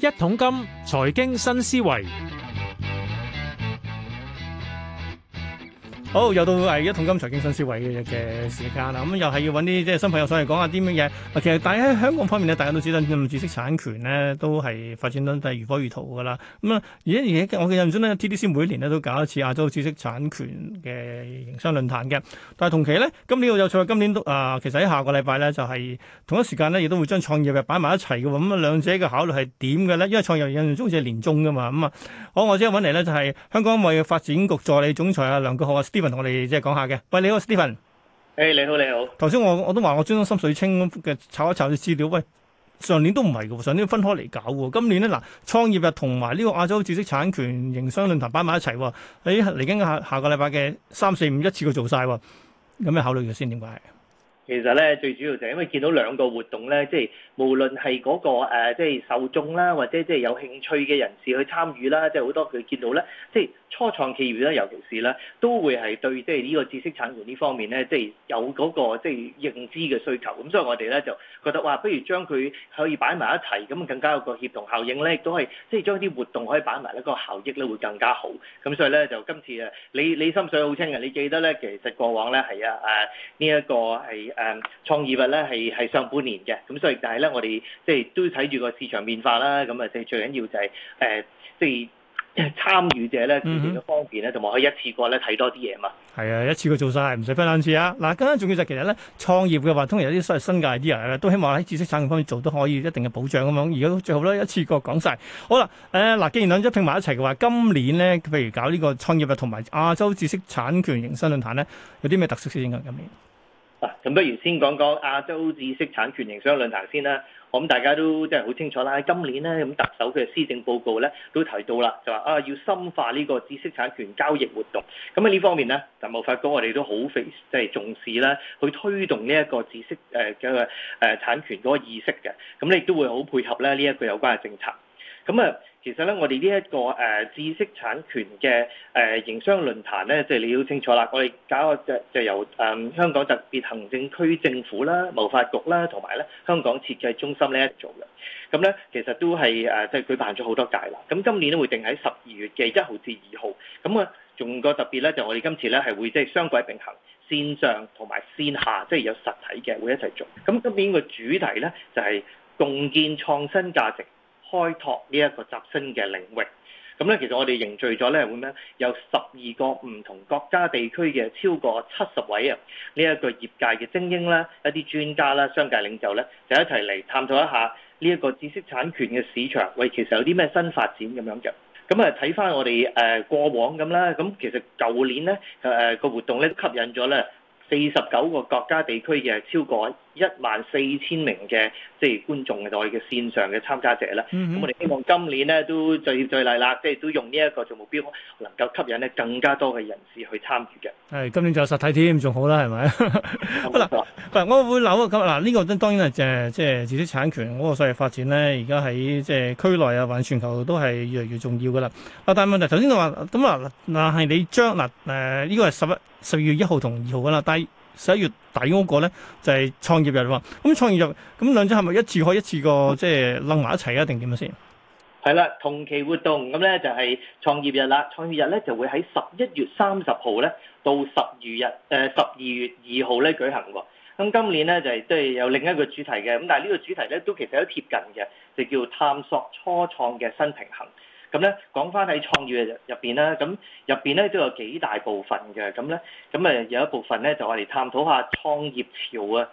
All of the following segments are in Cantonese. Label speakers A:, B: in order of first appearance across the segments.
A: 一桶金，財經新思維。好又到誒一桶金財經新思維嘅嘅時間啦，咁、嗯、又係要揾啲即係新朋友上嚟講下啲乜嘢。其實大家喺香港方面咧，大家都知道知識產權咧都係發展得係如火如荼噶啦。咁、嗯、啊，而家，而我嘅印象中 TDC 每年都搞一次亞洲知識產權嘅營商論壇嘅。但係同期咧，今年又有在，今年都啊、呃，其實喺下個禮拜咧就係、是、同一時間咧亦都會將創業日擺埋一齊嘅。咁、嗯、啊，兩者嘅考慮係點嘅咧？因為創業印象中好似係年中㗎嘛。咁、嗯、啊，好，我即刻揾嚟咧就係、是、香港貿易發展局助理總裁阿梁國浩，梁國浩 Steven 我哋即係講下嘅，喂你好，Steven。誒，你好 Steven, hey, 你好。頭先我我都話我專登心水清嘅炒一炒啲資料，喂，上年都唔係嘅，上年分開嚟搞嘅，今年咧嗱，創業日同埋呢個亞洲知識產權營商論壇擺埋一齊喎，嚟、哎、緊下下，下個禮拜嘅三四五一次過做曬，有咩考慮嘅先？點解？
B: 其實咧最主要就係因為見到兩個活動咧，即係無論係嗰個誒，即係受眾啦，或者即係有興趣嘅人士去參與啦，即係好多佢見到咧，即係初創企業啦，尤其是啦，都會係對即係呢個知識產權呢方面咧，即係有嗰個即係認知嘅需求。咁所以我哋咧就覺得話，不如將佢可以擺埋一齊，咁更加有個協同效應咧，亦都係即係將啲活動可以擺埋一個效益咧會更加好。咁所以咧就今次啊，你你心水好清嘅，你記得咧，其實過往咧係啊誒呢一個係。誒、嗯、創業日咧係係上半年嘅，咁所以但係咧，我哋即係都睇住個市場變化啦。咁啊，最最緊要就係、是、誒，即、呃、係、就是、參與者咧，佢哋嘅方便咧，同埋可以一次過咧睇多啲嘢嘛。
A: 係啊，一次過做晒，唔使分兩次啊。嗱，更加重要就係其實咧，創業嘅話，通常有啲新新界啲人咧，都希望喺知識產權方面做都可以一定嘅保障咁樣。而家最好咧，一次過講晒好啦，誒嗱，既然兩者拼埋一齊嘅話，今年咧，譬如搞呢個創業日同埋亞洲知識產權營商論壇咧，有啲咩特色先啊？今年？
B: 嗱，咁、啊、不如先講講亞洲知識產權營商論壇先啦。我、嗯、諗大家都即係好清楚啦。今年咧，咁特首嘅施政報告咧都提到啦，就話啊要深化呢個知識產權交易活動。咁喺呢方面咧，就貿發局我哋都好非即係重視啦，去推動呢一個知識誒嘅誒產權嗰個意識嘅。咁你亦都會好配合咧呢一、個有關嘅政策。咁啊，其實咧，我哋呢一個誒知識產權嘅誒營商論壇咧，即係你都清楚啦。我哋搞個就就由誒香港特別行政區政府啦、貿發局啦，同埋咧香港設計中心咧做嘅。咁咧，其實都係誒即係舉辦咗好多屆啦。咁今年咧會定喺十二月嘅一號至二號。咁啊，仲個特別咧就我哋今次咧係會即係雙軌並行，線上同埋線下，即係有實體嘅會一齊做。咁今年個主題咧就係共建創新價值。開拓呢一個集新嘅領域，咁咧其實我哋凝聚咗咧會咧，有十二個唔同國家地區嘅超過七十位啊，呢一個業界嘅精英啦、一啲專家啦、商界領袖咧，就一齊嚟探討一下呢一個知識產權嘅市場。喂，其實有啲咩新發展咁樣嘅？咁啊睇翻我哋誒過往咁啦，咁其實舊年咧誒個活動咧吸引咗咧四十九個國家地區嘅超過一萬四千名嘅即係觀眾嘅內嘅線上嘅參加者啦，咁、嗯、哼我哋希望今年咧都最最嚟啦，即係都用呢一個做目標，能夠吸引咧更加多嘅人士去參與嘅。
A: 係今年就有實體添仲好啦，係咪？嗱，嗱，我會諗啊咁嗱，呢、這個都當然係即係即係知識產權嗰個細嘅發展咧，而家喺即係區內啊，或者全球都係越嚟越重要噶啦。啊，但係問題，頭先就話咁啊，嗱係你將嗱誒呢個係十一十二月一號同二號噶啦，但係。十一月底嗰個咧就係、是、創業日喎，咁創業日咁兩者係咪一次可以一次過即係楞埋一齊啊？定點樣先？
B: 係啦，同期活動咁咧就係創業日啦。創業日咧就會喺十一月三十號咧到十二日，誒十二月二號咧舉行喎、啊。咁今年咧就係都係有另一個主題嘅，咁但係呢個主題咧都其實都貼近嘅，就叫探索初創嘅新平衡。咁咧講返喺創業嘅入邊啦，咁入邊咧都有幾大部分嘅，咁咧咁誒有一部分咧就我哋探討下創業潮啊，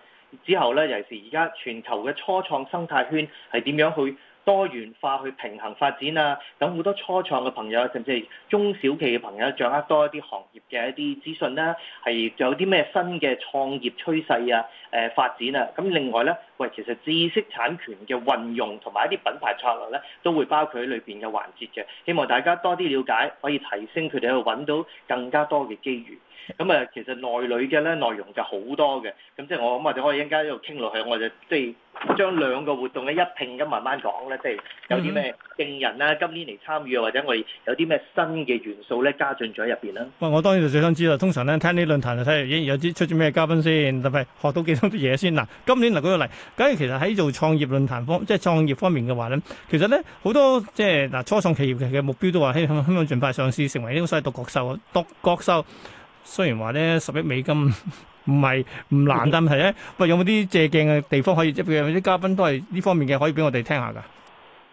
B: 之後咧尤其是而家全球嘅初創生態圈係點樣去多元化去平衡發展啊，等好多初創嘅朋友甚至係中小企嘅朋友掌握多一啲行業嘅一啲資訊啦，係有啲咩新嘅創業趨勢啊，誒、呃、發展啊，咁另外咧。喂，其實知識產權嘅運用同埋一啲品牌策略咧，都會包括喺裏邊嘅環節嘅。希望大家多啲了解，可以提升佢哋去揾到更加多嘅機遇。咁、嗯、啊，其實內裏嘅咧內容就好多嘅。咁即係我諗我哋可以而家喺度傾落去，我就即係、就係、將兩個活動咧一拼咁慢慢講咧，即係有啲咩應人啦、啊，今年嚟參與或者我哋有啲咩新嘅元素咧加進咗喺入邊啦。
A: 喂，我當然就最想知道，通常咧聽啲論壇就睇下有啲出咗咩嘉賓先，特別學到幾多啲嘢先、啊。嗱，今年嗱舉個例。咁其實喺做創業論壇方，即係創業方面嘅話咧，其實咧好多即係嗱初創企業嘅目標都話希望希望儘快上市，成為呢個所謂獨角獸啊！獨角獸雖然話咧十億美金唔係唔難，但係咧喂有冇啲借鏡嘅地方可以，即係譬如啲嘉賓都係呢方面嘅，可以俾我哋聽下㗎。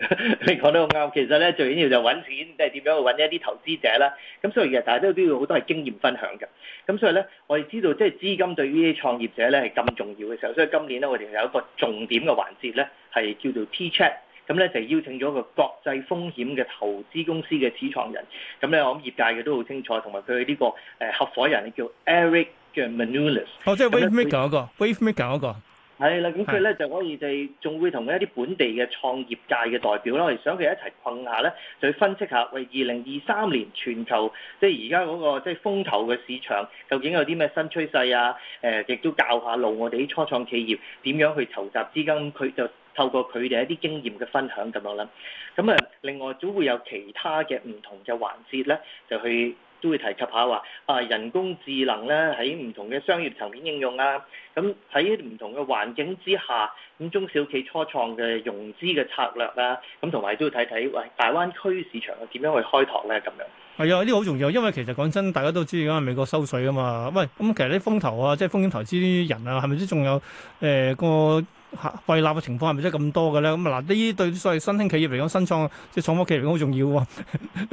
B: 你講得好啱，其實咧最緊要就揾錢，即係點樣去揾一啲投資者啦。咁所以其實，大家都都要好多係經驗分享嘅。咁所以咧，我哋知道即係資金對於啲創業者咧係咁重要嘅時候，所以今年咧我哋有一個重點嘅環節咧，係叫做 Tchat。咁咧就邀請咗一個國際風險嘅投資公司嘅始創人。咁咧我諗業界嘅都好清楚，同埋佢呢個誒合伙人叫 Eric 嘅 Manlunas 哦，即係 Wave Maker 嗰個
A: ？Wave Maker 嗰個？Wave Maker 那個
B: 係啦，咁佢咧就可以哋，仲會同一啲本地嘅創業界嘅代表啦，我哋想佢一齊困下咧，就去分析下喂，二零二三年全球即係而家嗰個即係、就是、風投嘅市場，究竟有啲咩新趨勢啊？誒、呃，亦都教下路我哋啲初創企業點樣去籌集資金，佢就透過佢哋一啲經驗嘅分享咁樣啦。咁啊，另外總會有其他嘅唔同嘅環節咧，就去。都會提及下話啊，人工智能咧喺唔同嘅商業層面應用啊，咁喺唔同嘅環境之下，咁中小企初創嘅融資嘅策略啦、啊，咁同埋都要睇睇喂，大灣區市場係點樣去開拓咧咁樣。
A: 係啊，呢個好重要，因為其實講真，大家都知啊，美國收稅啊嘛，喂，咁其實啲風投啊，即係風險投資啲人啊，係咪先仲有誒個？廢立嘅情況係咪真係咁多嘅咧？咁啊嗱，呢啲對所謂新興企業嚟講，新創即係創科企業好重要喎。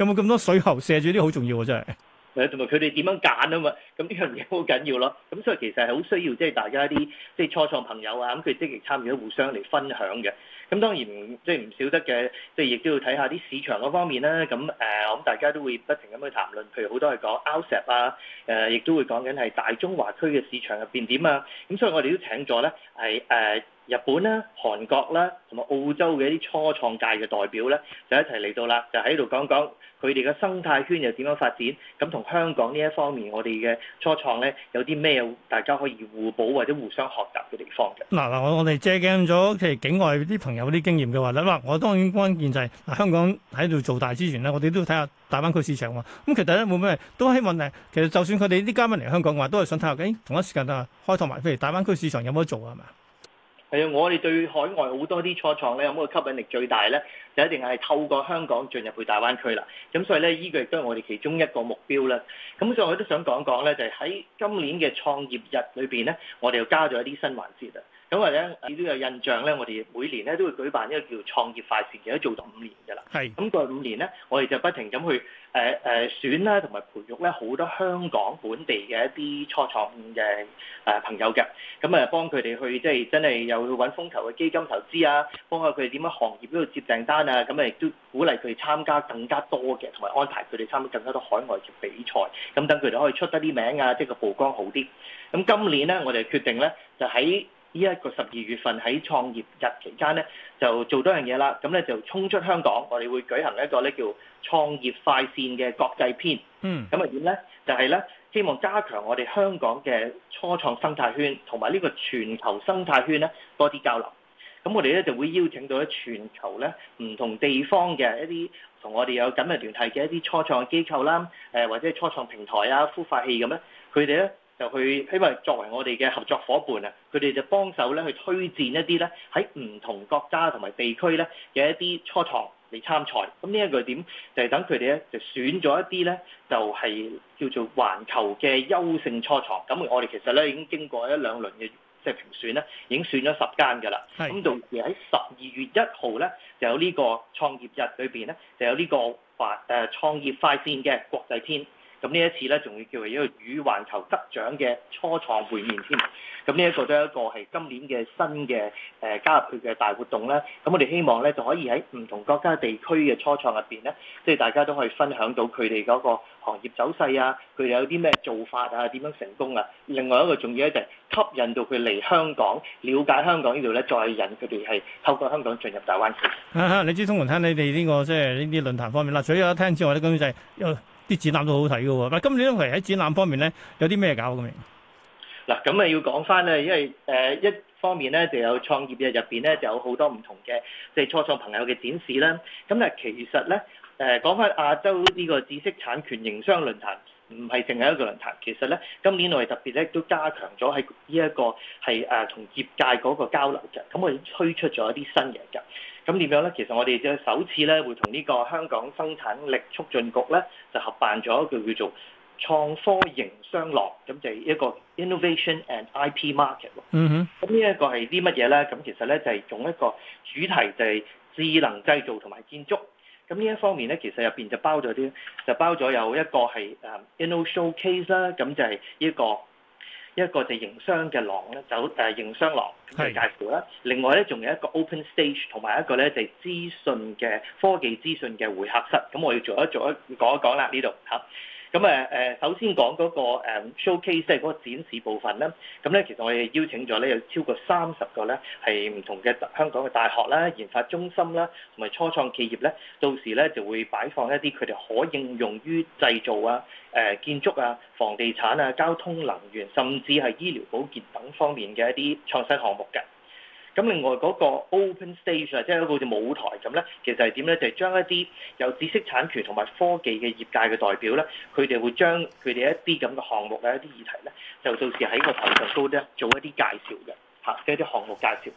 A: 有冇咁多水喉射住啲好重要嘅真係？
B: 係啊，同埋佢哋點樣揀啊嘛？咁呢樣嘢好緊要咯。咁所以其實係好需要即係大家啲即係初創朋友啊，咁佢積極參與，互相嚟分享嘅。咁當然即係唔少得嘅，即係亦都要睇下啲市場嗰方面啦。咁誒，我、呃、諗大家都會不停咁去談論，譬如好多係講 outset 啊，誒，亦都會講緊係大中華區嘅市場入邊點啊。咁所以我哋都請咗咧係誒。日本啦、韓國啦，同埋澳洲嘅一啲初創界嘅代表咧，就一齊嚟到啦，就喺度講講佢哋嘅生態圈又點樣發展，咁同香港呢一方面我哋嘅初創咧，有啲咩大家可以互補或者互相學習嘅地方嘅。
A: 嗱嗱、嗯嗯，我我哋借鏡咗其實境外啲朋友啲經驗嘅話咧，嗱、嗯，我當然關鍵就係、是、嗱、嗯，香港喺度做大之餘啦，我哋都要睇下大灣區市場喎。咁、嗯、其實咧冇咩，都希望誒，其實就算佢哋啲嘉賓嚟香港嘅話，都係想睇下誒同一時間啊，開拓埋譬如大灣區市場有冇得做啊，係咪？
B: 係啊，我哋對海外好多啲初創咧，有冇吸引力最大咧？就一定係透過香港進入去大灣區啦。咁所以咧，呢個亦都係我哋其中一個目標啦。咁所以我都想講講咧，就係喺今年嘅創業日裏邊咧，我哋又加咗一啲新環節啊。咁或者你都有印象咧，我哋每年咧都會舉辦一個叫做創業快線，其實都做咗五年㗎啦。係咁是，過去五年咧，我哋就不停咁去誒誒、呃呃、選啦，同埋培育咧好多香港本地嘅一啲初創嘅誒朋友嘅。咁啊，幫佢哋去即係真係有去揾風投嘅基金投資啊，幫下佢哋點樣行業嗰度接訂單啊。咁啊，亦都鼓勵佢哋參加更加多嘅，同埋安排佢哋參加更加多海外嘅比賽。咁等佢哋可以出得啲名啊，即係個曝光好啲。咁今年咧，我哋決定咧就喺，就呢一個十二月份喺創業日期間咧，就做多樣嘢啦。咁咧就衝出香港，我哋會舉行一個咧叫創業快線嘅國際篇。嗯，咁係點咧？就係、是、咧希望加強我哋香港嘅初創生態圈同埋呢個全球生態圈咧多啲交流。咁我哋咧就會邀請到咧全球咧唔同地方嘅一啲同我哋有緊密聯繫嘅一啲初創機構啦，誒、呃、或者係初創平台啊、孵化器咁咧，佢哋咧。就去，希望作為我哋嘅合作伙伴啊，佢哋就幫手咧去推薦一啲咧喺唔同國家同埋地區咧嘅一啲初創嚟參賽。咁呢一個點就係等佢哋咧就選咗一啲咧，就係叫做環球嘅優勝初創。咁我哋其實咧已經經過一兩輪嘅即係評選咧，已經選咗十間㗎啦。咁就而喺十二月一號咧，就有呢個創業日裏邊咧，就有呢個快誒創業快線嘅國際篇。咁呢一次咧，仲會叫做一個與環球得獎嘅初創會面添。咁、這、呢、個、一個都係一個係今年嘅新嘅誒、呃、加入佢嘅大活動啦。咁我哋希望咧就可以喺唔同國家地區嘅初創入邊咧，即係大家都可以分享到佢哋嗰個行業走勢啊，佢哋有啲咩做法啊，點樣成功啊。另外一個重要咧就係吸引到佢嚟香港，了解香港呢度咧，再引佢哋係透過香港進入大灣
A: 區。哈哈、啊，你知通環聽你哋呢、這個即係呢啲論壇方面嗱，除咗聽之外咧，根本就係、是。呃啲展覽都好睇嘅喎，嗱，今年嚟喺展覽方面咧有啲咩搞咁嘅？
B: 嗱，咁啊要講翻咧，因為誒、呃、一方面咧就有創業日入邊咧就有好多唔同嘅即係初創朋友嘅展示啦，咁但係其實咧。誒講返亞洲呢個知識產權營商論壇，唔係淨係一個論壇，其實咧今年我哋特別咧都加強咗係呢一個係誒同業界嗰個交流嘅，咁我哋推出咗一啲新嘢㗎。咁點樣咧？其實我哋就首次咧會同呢個香港生產力促進局咧就合辦咗一個叫叫做創科營商樂，咁就係一個 innovation and IP market。嗯哼。咁呢一個係啲乜嘢咧？咁其實咧就係、是、用一個主題就係智能製造同埋建築。咁呢一方面咧，其實入邊就包咗啲，就包咗有一個係誒 Inno showcase 啦，咁、uh, no、就係依個一個就營商嘅廊咧，走誒、啊、營商廊嘅是介紹啦。另外咧，仲有一個 open stage，同埋一個咧就係、資訊嘅科技資訊嘅會客室。咁我要做一做一講一講啦，呢度嚇。啊咁誒誒，首先講嗰個 showcase 即係嗰個展示部分啦。咁咧，其實我哋邀請咗咧有超過三十個咧，係唔同嘅香港嘅大學啦、研發中心啦同埋初創企業咧，到時咧就會擺放一啲佢哋可應用於製造啊、誒建築啊、房地產啊、交通能源，甚至係醫療保健等方面嘅一啲創新項目嘅。咁另外嗰個 Open Stage 啊，即係一個好似舞台咁咧，其實係點咧？就係將一啲有知識產權同埋科技嘅業界嘅代表咧，佢哋會將佢哋一啲咁嘅項目咧、一啲議題咧，就到時喺個台上高咧做一啲介紹嘅吓，即係一啲項目介紹。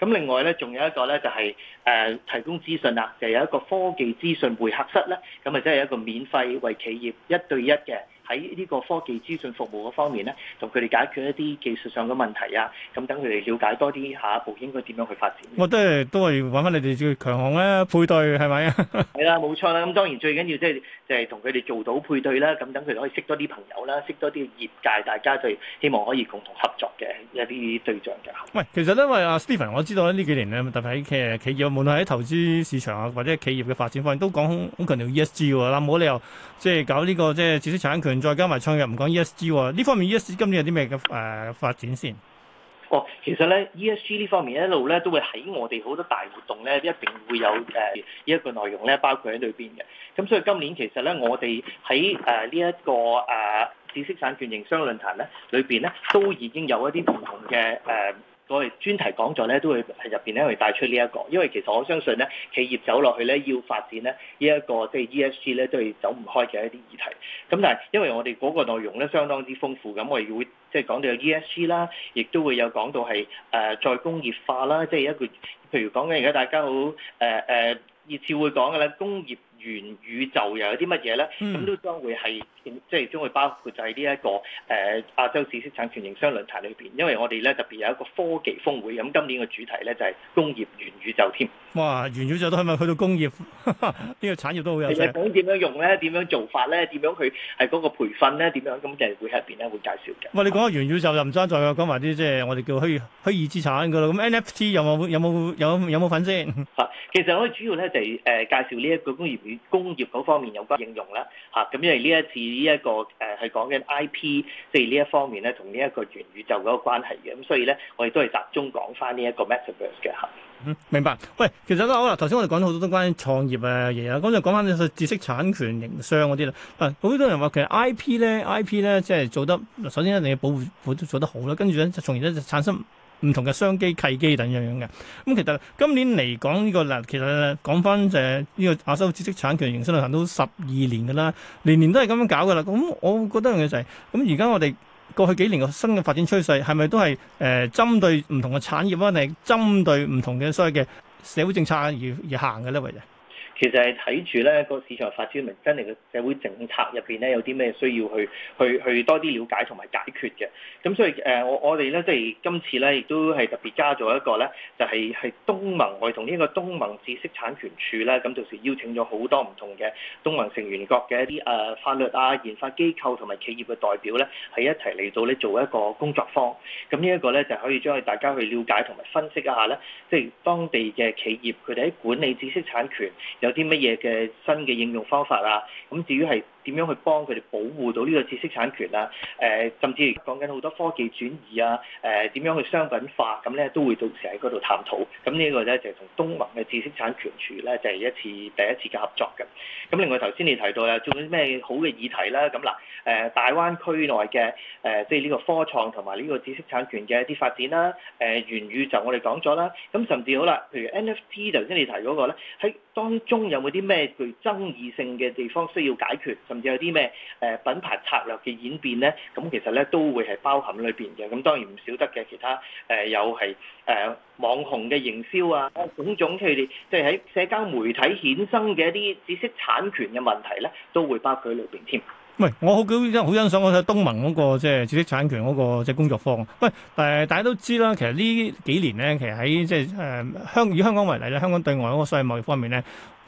B: 咁另外咧，仲有一個咧就係誒、呃、提供資訊啦，就係有一個科技資訊會客室咧，咁啊即係一個免費為企業一對一嘅。喺呢個科技資訊服務嘅方面咧，同佢哋解決一啲技術上嘅問題啊，咁等佢哋了解多啲下一步、啊、應該點樣去發展。
A: 我都係都係揾翻你哋去強項咧、啊、配對，係咪 啊？
B: 係啦，冇錯啦。咁當然最緊要即係即係同佢哋做到配對啦，咁等佢哋可以識多啲朋友啦，識多啲業界，大家就希望可以共同合作嘅一啲對象嘅。
A: 喂，其實呢因為阿、啊、Stephen，我知道呢幾年咧，特別喺企企業，無論喺投資市場啊，或者企業嘅發展方面，都講好強調 ESG 喎，嗱冇理由即係搞呢、呢個即係知識產權,權。再加埋創業，唔講 ESG 呢方面，ESG 今年有啲咩嘅誒發展先？
B: 哦，其實咧 ESG 呢 ES 方面一路咧都會喺我哋好多大活動咧一定會有誒、呃這個、呢一個內容咧，包括喺裏邊嘅。咁、嗯、所以今年其實咧，我哋喺誒呢一個誒、呃、知識產權營商論壇咧裏邊咧，都已經有一啲唔同嘅誒。呃我哋專題講座咧都會喺入邊咧，會帶出呢、這、一個，因為其實我相信咧，企業走落去咧要發展咧，呢一個即係 ESG 咧都係走唔開嘅一啲議題。咁但係因為我哋嗰個內容咧相當之豐富，咁我哋會即係、就是、講到有 ESG 啦，亦都會有講到係誒、呃、再工業化啦，即、就、係、是、一個譬如講緊而家大家好誒誒熱切會講嘅咧工業。元宇宙又有啲乜嘢咧？咁、嗯、都將會係即係將會包括就在呢、這、一個誒、呃、亞洲知識產權營商論壇裏邊，因為我哋咧特別有一個科技峰會，咁今年嘅主題咧就係、是、工業元宇宙添。
A: 哇！元宇宙都係咪去到工業呢 個產業都好有？係咪講
B: 點樣用咧？點樣做法咧？點樣佢係嗰個培訓咧？點樣咁嘅會喺入邊咧會介紹嘅。
A: 喂，你講下元宇宙就，任生再講埋啲即係我哋叫虛虛擬資產噶啦。咁 NFT 有冇有冇有有冇份先？
B: 嚇！有有，其實我哋主要咧就係誒介紹呢一個工業。工業嗰方面有關應用啦，嚇、啊、咁因為呢一次呢、這、一個誒係、呃、講緊 I P 即係呢一方面咧，同呢一個元宇宙嗰個關係嘅，咁所以咧我哋都係集中講翻呢一個 metaverse 嘅嚇。嗯，
A: 明白。喂，其實都好啦，頭先我哋講咗好多都關於創業誒嘢啦，咁就講翻啲知識產權營商嗰啲啦。啊，好多人話其實 I P 咧，I P 咧即係做得首先一定要保護，保護做得好啦，跟住咧從而咧就產生。唔同嘅商機、契機等樣樣嘅，咁其實今年嚟講呢個嗱，其實講翻就係呢個亞洲知識產權營商論壇都十二年嘅啦，年年都係咁樣搞嘅啦。咁我覺得樣嘢就係、是，咁而家我哋過去幾年嘅新嘅發展趨勢係咪都係誒、呃、針對唔同嘅產業啊，定係針對唔同嘅所謂嘅社會政策而而行嘅咧？為？
B: 其實係睇住咧個市場發展，明真嚟個社會政策入邊咧有啲咩需要去去去多啲了解同埋解決嘅。咁所以誒，我我哋咧即係今次咧，亦都係特別加咗一個咧，就係係東盟，我哋同呢個東盟知識產權處咧，咁到時邀請咗好多唔同嘅東盟成員國嘅一啲誒、呃、法律啊、研發機構同埋企業嘅代表咧，喺一齊嚟到咧做一個工作坊。咁呢一個咧就可以將佢大家去了解同埋分析一下咧，即係當地嘅企業佢哋喺管理知識產權有啲乜嘢嘅新嘅應用方法啊？咁至於係。點樣去幫佢哋保護到呢個知識產權啊？誒，甚至講緊好多科技轉移啊，誒點樣去商品化咁咧，都會到時喺嗰度探討。咁呢個咧就係同東盟嘅知識產權處咧，就係一次第一次嘅合作嘅。咁另外頭先你提到咧，做啲咩好嘅議題啦？咁嗱誒，大灣區內嘅誒即係呢個科創同埋呢個知識產權嘅一啲發展啦。誒，源於就我哋講咗啦。咁甚至好啦，譬如 NFT 頭先你提嗰個咧，喺當中有冇啲咩具爭議性嘅地方需要解決？甚至有啲咩誒品牌策略嘅演變咧，咁其實咧都會係包含裏邊嘅。咁當然唔少得嘅其他誒又係誒網紅嘅營銷啊，種種佢哋即係喺社交媒體衍生嘅一啲知識產權嘅問題咧，都會包括裏邊添。
A: 唔係，我好好欣好欣賞嗰個東盟嗰個即係知識產權嗰個即係工作坊。唔係大家都知啦，其實呢幾年咧，其實喺即係誒香以香港為例咧，香港對外嗰個貿易方面咧。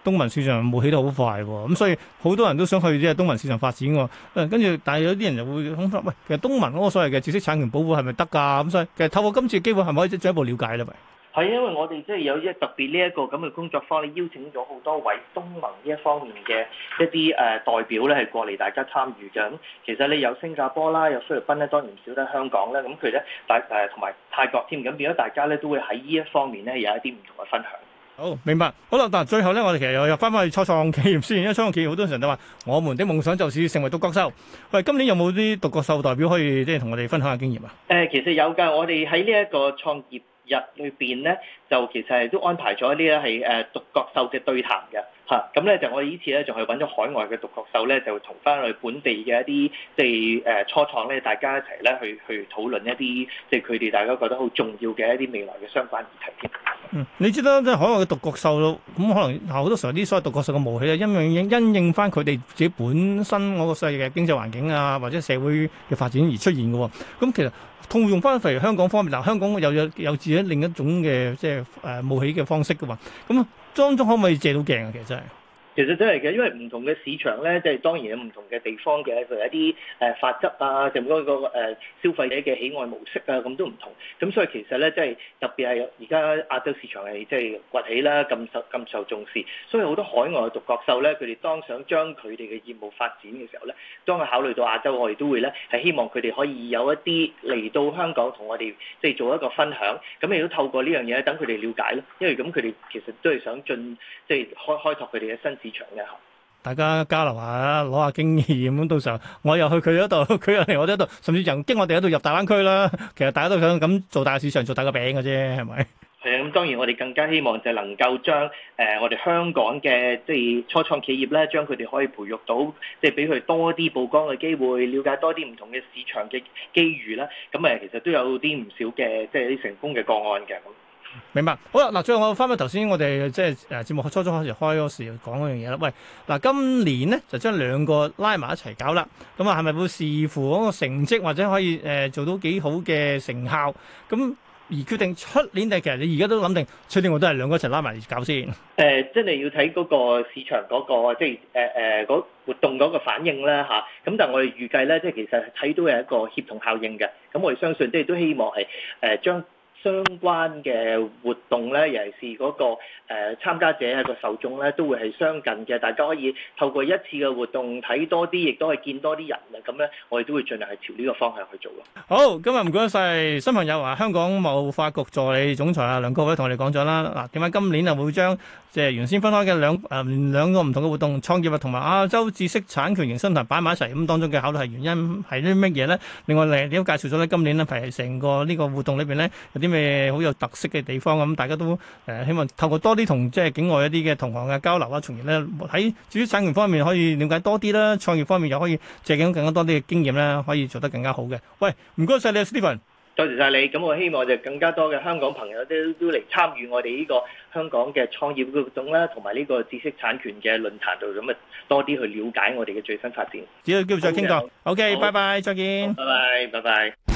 A: 東盟市場冇起得好快喎，咁所以好多人都想去即係東盟市場發展喎。跟住但係有啲人就會諗：喂，其實東盟嗰個所謂嘅知識產權保護係咪得㗎？咁所以其實透過今次機會係咪可以進一步了解咧？咪
B: 係因為我哋即係有即特別呢一個咁嘅工作坊咧，邀請咗好多位東盟呢一方面嘅一啲誒代表咧係過嚟大家參與嘅。咁其實你有新加坡啦，有菲律賓咧，當然唔少得香港啦。咁佢咧大誒同埋泰國添。咁變咗大家咧都會喺呢一方面咧有一啲唔同嘅分享。好，
A: 明白。好啦，嗱，最後咧，我哋其實又又翻翻去初創企業先，因為初創企業好多人都話，我們的夢想就是成為獨角獸。喂，今年有冇啲獨角獸代表可以即係同我哋分享下經驗啊？
B: 誒，其實有㗎，我哋喺呢一個創業日裏邊咧，就其實係都安排咗一啲咧係誒獨角獸嘅對談嘅吓。咁、嗯、咧就我哋呢次咧仲去揾咗海外嘅獨角獸咧，就同翻去本地嘅一啲即係誒初創咧，大家一齊咧去去討論一啲即係佢哋大家覺得好重要嘅一啲未來嘅相關議題添。
A: 嗯，你知得即係海外嘅獨角獸咯，咁、嗯、可能嗱好多時候啲所謂獨角獸嘅冒起，咧，因應因應翻佢哋自己本身嗰個世界嘅經濟環境啊，或者社會嘅發展而出現嘅喎、哦。咁、嗯、其實通用翻，譬如香港方面，嗱香港有有有自己另一種嘅即係誒冒起嘅方式嘅話，咁、嗯、當中，中可唔可以借到鏡啊？其實真係。
B: 其實真係嘅，因為唔同嘅市場咧，即係當然有唔同嘅地方嘅，佢有一啲呃法則啊，同埋嗰個、呃、消費者嘅喜愛模式啊，咁都唔同。咁所以其實咧，即係特別係而家亞洲市場係即係崛起啦，咁受咁受重視，所以好多海外獨角獸咧，佢哋當想將佢哋嘅業務發展嘅時候咧，當佢考慮到亞洲，我哋都會咧係希望佢哋可以有一啲嚟到香港同我哋即係做一個分享。咁亦都透過呢樣嘢等佢哋了解咯，因為咁佢哋其實都係想進即係開開拓佢哋嘅新市場嘅
A: 大家交流下，攞下經驗咁，到時候我又去佢嗰度，佢又嚟我呢度，甚至人經我哋呢度入大灣區啦。其實大家都想咁做大市場，做大個餅嘅啫，係咪？
B: 係啊，咁當然我哋更加希望就係能夠將誒我哋香港嘅即係初創企業咧，將佢哋可以培育到，即係俾佢多啲曝光嘅機會，了解多啲唔同嘅市場嘅機遇啦。咁誒，其實都有啲唔少嘅即係啲成功嘅個案嘅。明白，好啦，嗱，最
A: 後我翻返頭先，我哋即係誒節目初初開，始開時開嗰時講嗰樣嘢啦。喂，嗱、呃，今年咧就將兩個拉埋一齊搞啦，咁啊，係咪會視乎嗰個成績或者可以誒、呃、做到幾好嘅成效？咁而決定出年定係其實你而家都諗定，出年我都係兩個一齊拉埋搞先。
B: 誒、呃，真係要睇嗰個市場嗰、嗰個即係誒誒，活動嗰個反應啦吓。咁、啊、但係我哋預計咧，即係其實睇到係一個協同效應嘅。咁我哋相信即亦都希望係誒將。呃相關嘅活動咧，尤其是嗰、那個誒、呃、參加者一個受眾咧，都會係相近嘅。大家可以透過一次嘅活動睇多啲，亦都係見多啲人啊！咁咧，我哋都會盡量係朝呢個方向去做咯。
A: 好，今日唔該晒新朋友啊，香港貿發局助理總裁啊梁國浩同我哋講咗啦。嗱，點解今年啊會將即係原先分開嘅兩誒、呃、兩個唔同嘅活動，創業同埋亞洲知識產權營商論壇擺埋一齊？咁當中嘅考慮係原因係啲乜嘢咧？另外你點介紹咗咧？今年咧，係成個呢個活動裏邊咧有啲咩？咩好有特色嘅地方咁、嗯，大家都誒、呃、希望透過多啲同即係境外一啲嘅同行嘅交流啊，從而咧喺知識產權方面可以了解多啲啦，創業方面又可以借鏡更加多啲嘅經驗啦，可以做得更加好嘅。喂，唔該晒你，Stephen，
B: 多謝晒你。咁我希望就更加多嘅香港朋友都嚟參與我哋呢個香港嘅創業活動啦，同埋呢個知識產權嘅論壇度咁啊，多啲去了解我哋嘅最新發展。
A: 好，今日再傾過。OK，拜拜，再見。
B: 拜拜，拜拜。